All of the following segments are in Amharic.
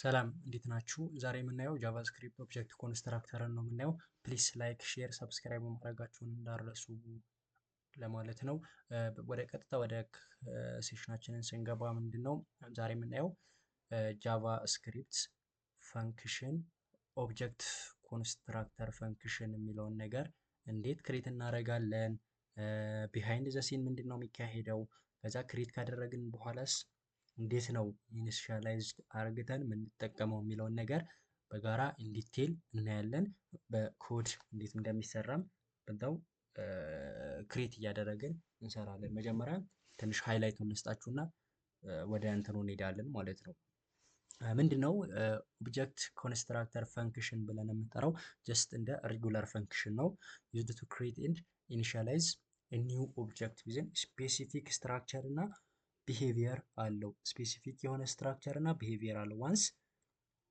ሰላም እንዴት ናችሁ? ዛሬ የምናየው ጃቫስክሪፕት ኦብጀክት ኮንስትራክተርን ነው የምናየው። ፕሊስ ላይክ፣ ሼር፣ ሰብስክራይብ ማድረጋችሁን እንዳረሱ ለማለት ነው። ወደ ቀጥታ ወደ ሴሽናችንን ስንገባ ምንድን ነው ዛሬ የምናየው ጃቫስክሪፕት ፈንክሽን ኦብጀክት ኮንስትራክተር ፈንክሽን የሚለውን ነገር እንዴት ክሬት እናደርጋለን፣ ቢሃይንድ ዘሲን ምንድን ነው የሚካሄደው፣ ከዛ ክሬት ካደረግን በኋላስ እንዴት ነው ኢንሻላይዝድ አርግተን የምንጠቀመው የሚለውን ነገር በጋራ ኢንዲቴል እናያለን። በኮድ እንዴት እንደሚሰራም በዛው ክሬት እያደረግን እንሰራለን። መጀመሪያ ትንሽ ሃይላይት እንስጣችሁና ወደ እንትኑ እንሄዳለን ማለት ነው። ምንድን ነው ኦብጀክት ኮንስትራክተር ፈንክሽን ብለን የምንጠራው ጀስት እንደ ሬጉላር ፈንክሽን ነው። ዩዝድ ቱ ክሬት ኢንድ ኢኒሻላይዝ ኒው ኦብጀክት ዊዝን ስፔሲፊክ ስትራክቸር እና ቢሄቪየር አለው ስፔሲፊክ የሆነ ስትራክቸር እና ቢሄቪየር አለው ዋንስ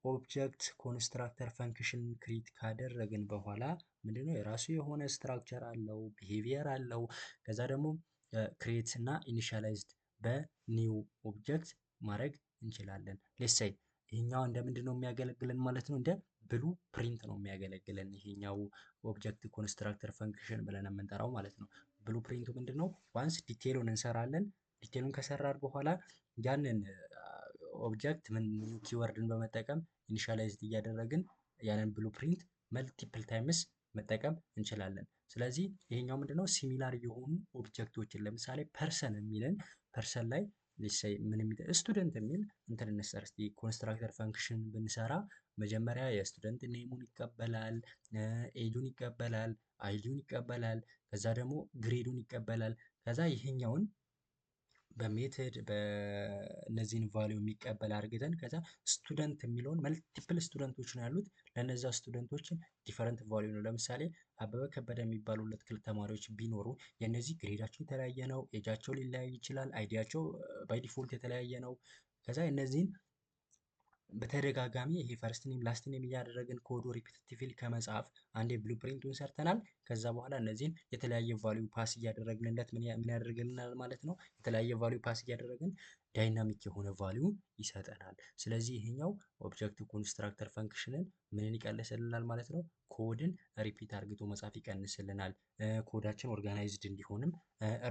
ኦብጀክት ኮንስትራክተር ፈንክሽን ክሪት ካደረግን በኋላ ምንድነው የራሱ የሆነ ስትራክቸር አለው ቢሄቪየር አለው ከዛ ደግሞ ክሬት እና ኢኒሻላይዝድ በኒው ኦብጀክት ማድረግ እንችላለን ሌሳይ ይህኛው እንደ ምንድን ነው የሚያገለግለን ማለት ነው እንደ ብሉ ፕሪንት ነው የሚያገለግለን ይሄኛው ኦብጀክት ኮንስትራክተር ፈንክሽን ብለን የምንጠራው ማለት ነው ብሉ ፕሪንቱ ምንድን ነው ዋንስ ዲቴይሉን እንሰራለን ዲቴሉን ከሰራን በኋላ ያንን ኦብጀክት ምን ኪወርድን በመጠቀም ኢኒሻላይዝ እያደረግን ያንን ብሉ ፕሪንት መልቲፕል ታይምስ መጠቀም እንችላለን። ስለዚህ ይሄኛው ምንድነው ሲሚላር የሆኑ ኦብጀክቶችን ለምሳሌ ፐርሰን የሚልን ፐርሰን ላይ ምን ስቱደንት የሚል እንትን እንስጠር እስኪ ኮንስትራክተር ፈንክሽን ብንሰራ መጀመሪያ የስቱደንት ኔሙን ይቀበላል፣ ኤጁን ይቀበላል፣ አይዲውን ይቀበላል፣ ከዛ ደግሞ ግሬዱን ይቀበላል። ከዛ ይሄኛውን በሜትድ በእነዚህን ቫሊዩ የሚቀበል አድርገን ከዛ ስቱደንት የሚለውን መልቲፕል ስቱደንቶች ነው ያሉት ለነዛ ስቱደንቶችን ዲፈረንት ቫሊው ነው። ለምሳሌ አበበ ከበደ የሚባሉ ሁለት ክልል ተማሪዎች ቢኖሩ የእነዚህ ግሬዳቸው የተለያየ ነው። ኤጃቸው ሊለያይ ይችላል። አይዲያቸው ባይ ዲፎልት የተለያየ ነው። ከዛ እነዚህን በተደጋጋሚ ይሄ ፈርስት ኔም ላስት ኔም እያደረግን ኮዱ ሪፒቲቲቭሊ ከመጻፍ አንዴ ብሉ ፕሪንቱን ሰርተናል። ከዛ በኋላ እነዚህን የተለያየ ቫሊዩ ፓስ እያደረግንለት ምን ያደርግልናል ማለት ነው። የተለያየ ቫልዩ ፓስ እያደረግን ዳይናሚክ የሆነ ቫሊዩ ይሰጠናል። ስለዚህ ይሄኛው ኦብጀክት ኮንስትራክተር ፈንክሽንን ምንን ይቀንስልናል ማለት ነው። ኮድን ሪፒት አርግቶ መጻፍ ይቀንስልናል። ኮዳችን ኦርጋናይዝድ እንዲሆንም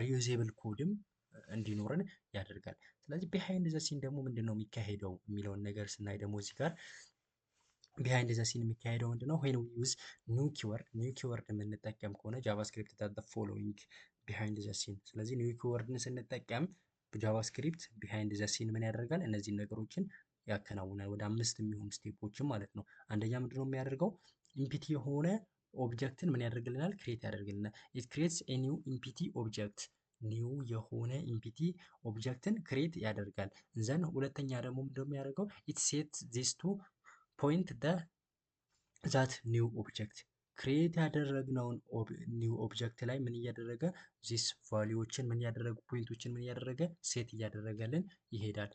ሪዩዜብል ኮድም እንዲኖረን ያደርጋል። ስለዚህ ቢሃይንድ ዘ ሲን ደግሞ ምንድን ነው የሚካሄደው የሚለውን ነገር ስናይ ደግሞ እዚህ ጋር ቢሃይንድ ዘ ሲን የሚካሄደው ምንድን ነው? ዌን ዩዝ ኒው ኪወርድ ኒው ኪወርድ የምንጠቀም ከሆነ ጃቫስክሪፕት ዳዝ ፎሎዊንግ ቢሃይንድ ዘ ሲን። ስለዚህ ኒው ኪወርድን ስንጠቀም ጃቫስክሪፕት ቢሃይንድ ዘ ሲን ምን ያደርጋል? እነዚህን ነገሮችን ያከናውናል። ወደ አምስት የሚሆኑ ስቴፖችን ማለት ነው። አንደኛ ምንድን ነው የሚያደርገው ኢምፒቲ የሆነ ኦብጀክትን ምን ያደርግልናል? ክሬት ያደርግልናል። ኢት ክሬትስ ኤ ኒው ኢምፒቲ ኦብጀክት ኒው የሆነ ኢምፒቲ ኦብጀክትን ክሬት ያደርጋል። ዘን ሁለተኛ ደግሞ እንደሚያደርገው ኢት ሴት ዚስ ቱ ፖይንት ዛት ኒው ኦብጀክት ክሬት ያደረግነውን ኒው ኦብጀክት ላይ ምን እያደረገ ዚስ ቫሊዎችን ምን ያደረጉ ፖይንቶችን ምን እያደረገ ሴት እያደረገልን ይሄዳል።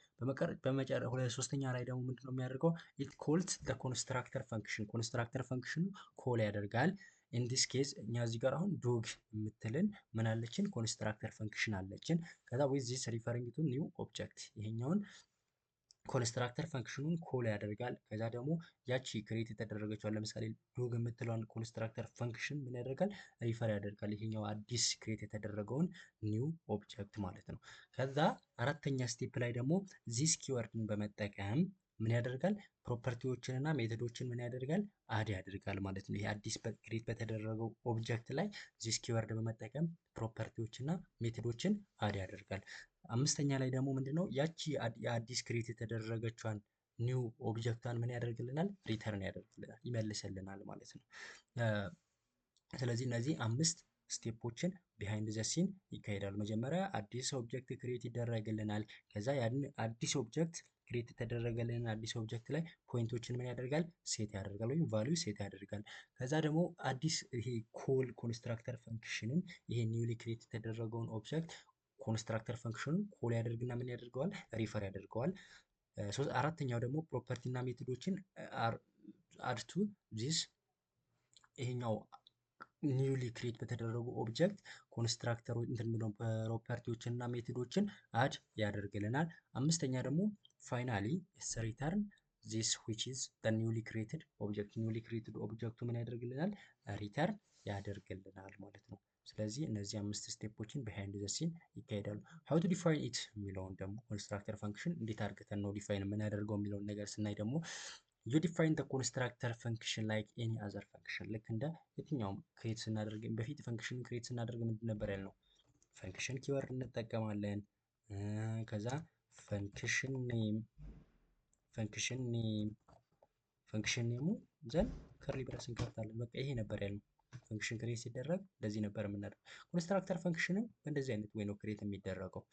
ሶስተኛ ላይ ደግሞ ምንድነው የሚያደርገው ኢት ኮልት ኮንስትራክተር ፈንክሽን ኮንስትራክተር ፈንክሽኑ ኮል ያደርጋል። ኢን ዲስ ኬዝ እኛ እዚህ ጋር አሁን ዶግ የምትልን ምን አለችን? ኮንስትራክተር ፈንክሽን አለችን። ከዛ ዊዝ ዚስ ሪፈሪንግ ቱ ኒው ኦብጀክት ይሄኛውን ኮንስትራክተር ፈንክሽኑን ኮል ያደርጋል። ከዛ ደግሞ ያቺ ክሬት የተደረገችዋን ለምሳሌ ዶግ የምትለውን ኮንስትራክተር ፈንክሽን ምን ያደርጋል? ሪፈር ያደርጋል። ይሄኛው አዲስ ክሬት የተደረገውን ኒው ኦብጀክት ማለት ነው። ከዛ አራተኛ ስቴፕ ላይ ደግሞ ዚስ ኪወርድን በመጠቀም ምን ያደርጋል ፕሮፐርቲዎችንና ሜተዶችን ምን ያደርጋል አድ ያደርጋል ማለት ነው። ይሄ አዲስ ክሬት በተደረገው ኦብጀክት ላይ ዚስ ኪወርድ በመጠቀም ፕሮፐርቲዎችና ሜተዶችን አድ ያደርጋል። አምስተኛ ላይ ደግሞ ምንድነው ያቺ የአዲስ ክሬት የተደረገችዋን ኒው ኦብጀክቷን ምን ያደርግልናል ሪተርን ያደርግልናል ይመልስልናል ማለት ነው። ስለዚህ እነዚህ አምስት ስቴፖችን ቢሃይንድ ዘ ሲን ይካሄዳል። መጀመሪያ አዲስ ኦብጀክት ክሬት ይደረግልናል። ከዛ ያን አዲስ ኦብጀክት ክሬት የተደረገልን አዲስ ኦብጀክት ላይ ፖይንቶችን ምን ያደርጋል ሴት ያደርጋል ወይም ቫሉ ሴት ያደርጋል። ከዛ ደግሞ አዲስ ይሄ ኮል ኮንስትራክተር ፈንክሽንን ይሄ ኒውሊ ክሬት የተደረገውን ኦብጀክት ኮንስትራክተር ፈንክሽኑን ኮል ያደርግና ምን ያደርገዋል ሪፈር ያደርገዋል። አራተኛው ደግሞ ፕሮፐርቲና ሜቶዶችን አድቱ ዚስ ይሄኛው ኒውሊ ክሬት በተደረጉ ኦብጀክት ኮንስትራክተሩ ኮንስትራክተር ፕሮፐርቲዎችን እና ሜቶዶችን አድ ያደርግልናል። አምስተኛ ደግሞ ፋይናሊ ሪተርን ዚስ ዊች ኢዝ ኒውሊ ክሬትድ ኦብጀክት ኒውሊ ክሬትድ ኦብጀክቱ ምን ያደርግልናል? ሪተርን ያደርግልናል ማለት ነው። ስለዚህ እነዚህ አምስት ስቴፖችን ቢሃይንድ ዘ ሲን ይካሄዳሉ። ሀው ቱ ዲፋይን ኢት የሚለውን ደግሞ ኮንስትራክተር ፋንክሽን እንዴት አድርገን ነው ዲፋይን የምናደርገው የሚለውን ነገር ስናይ ደግሞ ዩ ዲፋይን ዘ ኮንስትራክተር ፈንክሽን ላይክ ኤኒ አዘር ፈንክሽን ልክ እንደ የትኛውም ክሬት ስናደርግ በፊት ፈንክሽን ክሬት ስናደርግ ምንድን ነበር ያልነው? ፈንክሽን ኪወርድ እንጠቀማለን። ከዛ ፈንክሽን ኔም ፈንክሽን ኔም ፈንክሽን ኔሙ ዘን ከርሊ ብረስ እንከፍታለን። በቃ ይሄ ነበር ያልነው። ፈንክሽን ክሬት ሲደረግ እንደዚህ ነበር የምናደርገው። ኮንስትራክተር ፈንክሽንም በእንደዚህ አይነት ወይ ነው ክሬት የሚደረገው።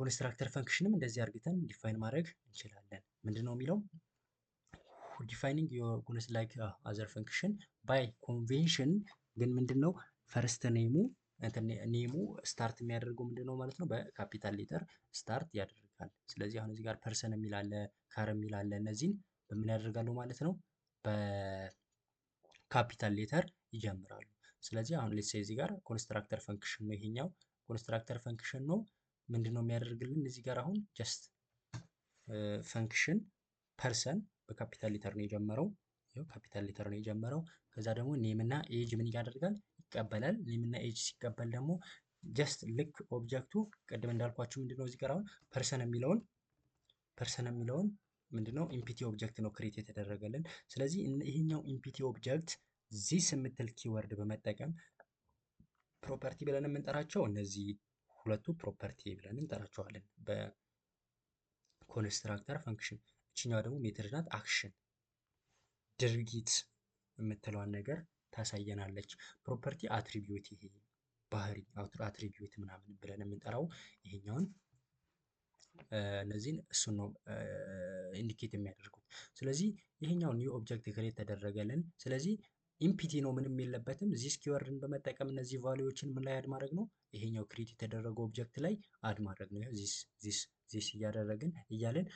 ኮንስትራክተር ፈንክሽንም እንደዚህ አርግተን ዲፋይን ማድረግ እንችላለን። ምንድን ነው የሚለው ዲፋይኒንግ ዮር ጉድነስ ላይክ አዘር ፈንክሽን ባይ ኮንቬንሽን ግን ምንድን ነው ፈርስት ኔሙ ኔሙ ስታርት የሚያደርገው ምንድን ነው ማለት ነው በካፒታል ሌተር ስታርት ያደርጋል። ስለዚህ አሁን እዚህ ጋር ፐርሰን የሚላለ ካር የሚላለ እነዚህን በምን ያደርጋሉ ማለት ነው በካፒታል ሌተር ይጀምራሉ። ስለዚህ አሁን ሌሴ እዚህ ጋር ኮንስትራክተር ፈንክሽን ነው ይሄኛው ኮንስትራክተር ፈንክሽን ነው ምንድን ነው የሚያደርግልን እዚህ ጋር አሁን ጀስት ፈንክሽን ፐርሰን በካፒታል ሊተር ነው የጀመረው። ካፒታል ሊተር ነው የጀመረው። ከዛ ደግሞ ኔም እና ኤጅ ምን ያደርጋል? ይቀበላል። ኔም እና ኤጅ ሲቀበል ደግሞ ጀስት ልክ ኦብጀክቱ ቅድም እንዳልኳችሁ ምንድነው እዚህ ጋር አሁን ፐርሰን የሚለውን ፐርሰን የሚለውን ነው ኢምፒቲ ኦብጀክት ነው ክሬት የተደረገልን። ስለዚህ ይሄኛው ኢምፒቲ ኦብጀክት ዚስ የምትል ኪወርድ በመጠቀም ፕሮፐርቲ ብለን የምንጠራቸው እነዚህ ሁለቱ ፕሮፐርቲ ብለን እንጠራቸዋለን በኮንስትራክተር ፈንክሽን ይችኛዋ ደግሞ ሜትር ናት። አክሽን ድርጊት የምትለዋን ነገር ታሳየናለች። ፕሮፐርቲ አትሪቢዩት ይሄ ባህሪ አትሪቢዩት ምናምን ብለን የምንጠራው ይሄኛውን እነዚህን እሱ ነው ኢንዲኬት የሚያደርጉት። ስለዚህ ይሄኛው ኒው ኦብጀክት ክሬት ተደረገልን። ስለዚህ ኢምፒቲ ነው ምንም የለበትም። ዚስ ኪወርድን በመጠቀም እነዚህ ቫሊዎችን ምን ላይ አድ ማድረግ ነው? ይሄኛው ክሬት የተደረገው ኦብጀክት ላይ አድ ማድረግ ነው። ዚስ ዚስ ዚስ እያደረግን እያለን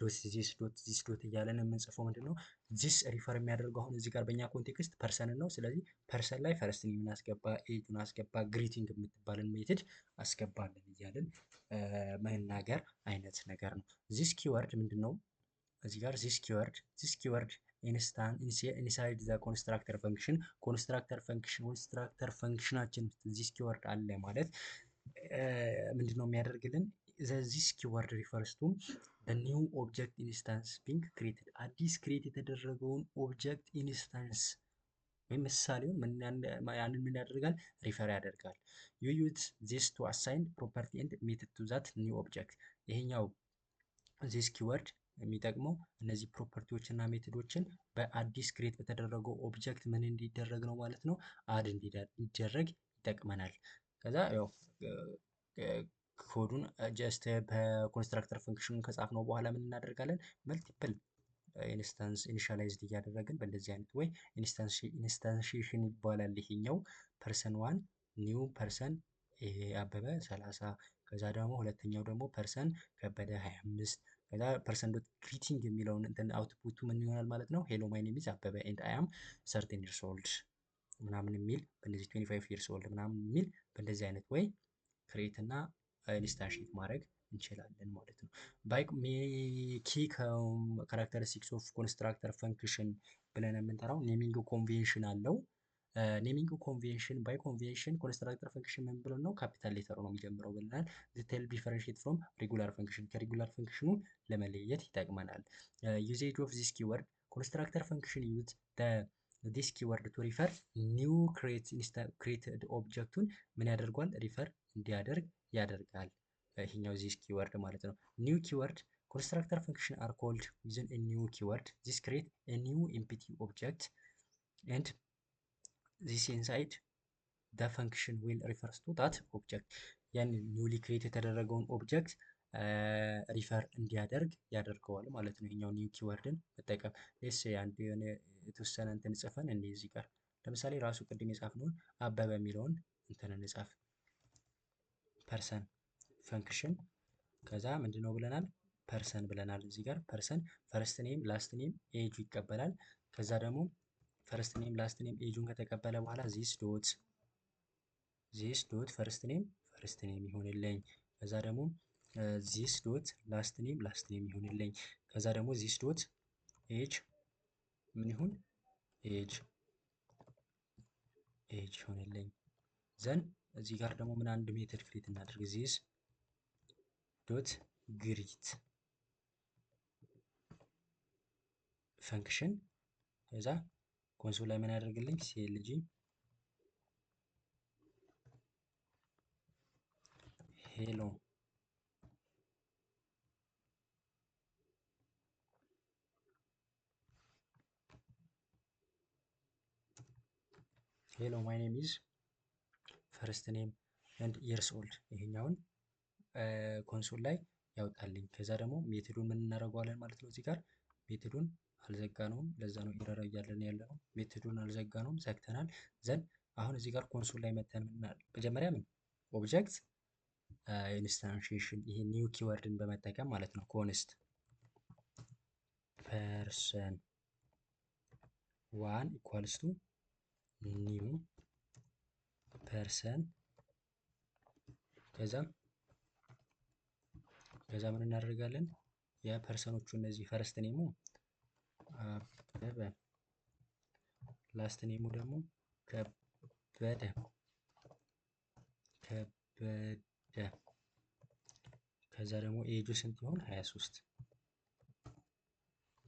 ዶት ዚስ ዶት ዚስ ዶት እያለን የምንጽፈው ምንድን ነው? ዚስ ሪፈር የሚያደርገው አሁን እዚህ ጋር በእኛ ኮንቴክስት ፐርሰን ነው። ስለዚህ ፐርሰን ላይ ፈረስትን የምናስገባ ኤጁን አስገባ ግሪቲንግ የምትባልን ሜትድ አስገባለን እያለን መናገር አይነት ነገር ነው። ዚስ ኪወርድ ምንድን ነው? እዚህ ጋር ዚስ ኪወርድ ዚስ ኪወርድ ኢንሳይድ ዘ ኮንስትራክተር ፈንክሽን ኮንስትራክተር ፈንክሽን ኮንስትራክተር ፈንክሽናችን ዚስ ኪወርድ አለ ማለት ምንድን ነው የሚያደርግልን ዘዚስ ኪወርድ ሪፈርስ ቱ ኒው ኦብጀክት ኢንስታንስ ቢንግ ክሬትድ አዲስ ክሬት የተደረገውን ኦብጀክት ኢንስታንስ ወይም ምሳሌውን ያንን ምን ያደርጋል ሪፈር ያደርጋል ዩ ዩዝ ዚስ ቱ አሳይን ፕሮፐርቲ ኤንድ ሜትድ ቱ ዛት ኒው ኦብጀክት ይሄኛው ዚስ ኪወርድ የሚጠቅመው እነዚህ ፕሮፐርቲዎች ፕሮፐርቲዎችና ሜትዶችን በአዲስ ክሬት በተደረገው ኦብጀክት ምን እንዲደረግ ነው ማለት ነው አድ እንዲደረግ ይጠቅመናል ከዛ ያው ኮዱን ጀስት በኮንስትራክተር ፈንክሽን ነው በኋላ ምን እናደርጋለን መልቲፕል ኢንስታንስ ኢኒሻላይዝድ እያደረግን በእንደዚህ አይነት ወይ ኢንስታንሽን ይባላል ይሄኛው ፐርሰን ዋን ኒው ፐርሰን ይሄ አበበ 30 ከዛ ደግሞ ሁለተኛው ደግሞ ፐርሰን ከበደ 25 ከዛ ፐርሰን ዶት ግሪቲንግ የሚለውን እንትን አውትፑቱ ምን ይሆናል ማለት ነው ሄሎ ማይ ኔም ኢዝ አበበ ኤንድ አይ አም ሰርቲን ኢየርስ ኦልድ ምናምን የሚል በእነዚህ 25 ፋይቭ ይርስ ኦልድ ምናምን የሚል በእንደዚህ አይነት ወይ ክሬት እና ሪሌሽንሺፕ ማድረግ እንችላለን ማለት ነው። ባይ ኪ ካራክተሪስቲክስ ኦፍ ኮንስትራክተር ፈንክሽን ብለን የምንጠራው ኔሚንግ ኮንቬንሽን አለው። ኔሚንግ ኮንቬንሽን ባይ ኮንቬንሽን ኮንስትራክተር ፈንክሽን ምን ብለን ነው ካፒታል ሌተር ነው የሚጀምረው ብለናል። ዲቴል ዲፈረንሽት ፍሮም ሬጉላር ፈንክሽን ከሬጉላር ፈንክሽኑ ለመለየት ይጠቅመናል። ዩዜጅ ኦፍ ዚስ ኪወርድ ኮንስትራክተር ፈንክሽን ዩዝ ዲስ ኪወርድ ቱ ሪፈር ኒው ክሬትድ ኦብጀክቱን ምን ያደርጓል ሪፈር እንዲያደርግ ያደርጋል። ይሄኛው ዚስ ኪወርድ ማለት ነው። ኒው ኪወርድ ኮንስትራክተር ፈንክሽን አር ኮልድ ዊዝን ኒው ኪወርድ ዚስ ክሬት ኒው ኤምፒቲ ኦብጀክት ኤንድ ዚስ ኢንሳይድ ደ ፈንክሽን ዊል ሪፈርስ ቱ ታት ኦብጀክት ያን ኒውሊ ክሬት የተደረገውን ኦብጀክት ሪፈር እንዲያደርግ ያደርገዋል ማለት ነው። ይሄኛው ኒው ኪወርድን መጠቀም ሌስ አንድ የሆነ የተወሰነ እንትን ጽፈን እንይ እዚህ ጋር ለምሳሌ ራሱ ቅድም የጻፍነውን አበበ የሚለውን እንትን እንጻፍ ፐርሰን ፈንክሽን ከዛ ምንድን ነው ብለናል ፐርሰን ብለናል እዚህ ጋር ፐርሰን ፈርስት ኔም ላስት ኔም ኤጁ ይቀበላል ከዛ ደግሞ ፈርስት ኔም ላስት ኔም ኤጁን ከተቀበለ በኋላ ዚስ ዶት ዚስ ዶት ፈርስት ኔም ፈርስት ኔም ይሆንልኝ ከዛ ደግሞ ዚስ ዶት ላስት ኔም ላስት ኔም ይሆንልኝ ከዛ ደግሞ ዚስ ዶት ኤጅ ምን ይሁን ኤጅ ኤጅ ይሆንልኝ። ዘን እዚህ ጋር ደግሞ ምን አንድ ሜትር ክሬት እናድርግ። ዚስ ዶት ግሪት ፈንክሽን ከዛ ኮንሶል ላይ ምን ያደርግልኝ ሲኤልጂ ሄሎ ሄሎ ማይ ኔም ኢዝ ፈርስት ኔም ኤንድ የርስ ኦልድ ይሄኛውን ኮንሶል ላይ ያወጣልኝ። ከዛ ደግሞ ሜትዱን ምን እናደርገዋለን ማለት ነው። እዚህ ጋር ሜትዱን አልዘጋነውም። ለዛ ነው ኤረር እያለን ያለ ነው። ሜትዱን አልዘጋነውም፣ ዘግተናል። ዘን አሁን እዚህ ጋር ኮንሶል ላይ መተን ምናል መጀመሪያ ምን ኦብጀክት ኢንስታንሺዬሽን ይሄ ኒው ኪወርድን በመጠቀም ማለት ነው ኮንስት ፐርሰን ዋን ኢኳልስ ቱ ኒው ፐርሰን ከዛ ከዛ ምን እናደርጋለን? የፐርሰኖቹ እነዚህ ፈርስት ኔሙ አበበ ላስት ኔሙ ደግሞ ከበደ ከበደ ከዛ ደግሞ ኤጁ ስንት ይሆን 23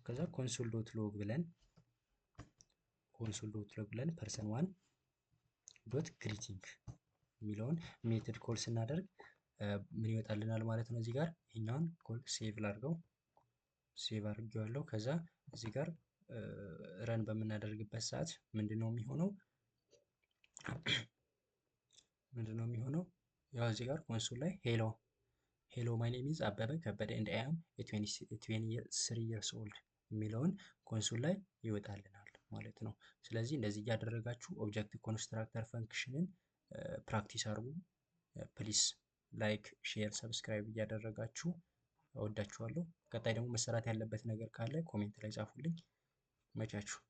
ከዛ ኮንሶል ዶት ሎግ ብለን ኮንሶል ዶት ሎግ ብለን ፐርሰን ዋን ዶት ግሪቲንግ የሚለውን ሜትድ ኮል ስናደርግ ምን ይወጣልናል ማለት ነው። እዚህ ጋር ይህኛውን ኮል ሴቭ ላድርገው። ሴቭ አድርጌዋለሁ። ከዛ እዚህ ጋር ረን በምናደርግበት ሰዓት ምንድነው የሚሆነው? ምንድነው የሚሆነው? ያው እዚህ ጋር ኮንሶል ላይ ሄሎ ሄሎ ማይ ኔም ኢዝ አበበ ከበደ ኤንድ አይ አም ትዌንቲ ስሪ ይርስ ኦልድ የሚለውን ኮንሶል ላይ ይወጣልናል። ማለት ነው። ስለዚህ እንደዚህ እያደረጋችሁ ኦብጀክት ኮንስትራክተር ፈንክሽንን ፕራክቲስ አድርጉ። ፕሊስ ላይክ፣ ሼር፣ ሰብስክራይብ እያደረጋችሁ እወዳችኋለሁ። ቀጣይ ደግሞ መሰራት ያለበት ነገር ካለ ኮሜንት ላይ ጻፉልኝ። መቻችሁ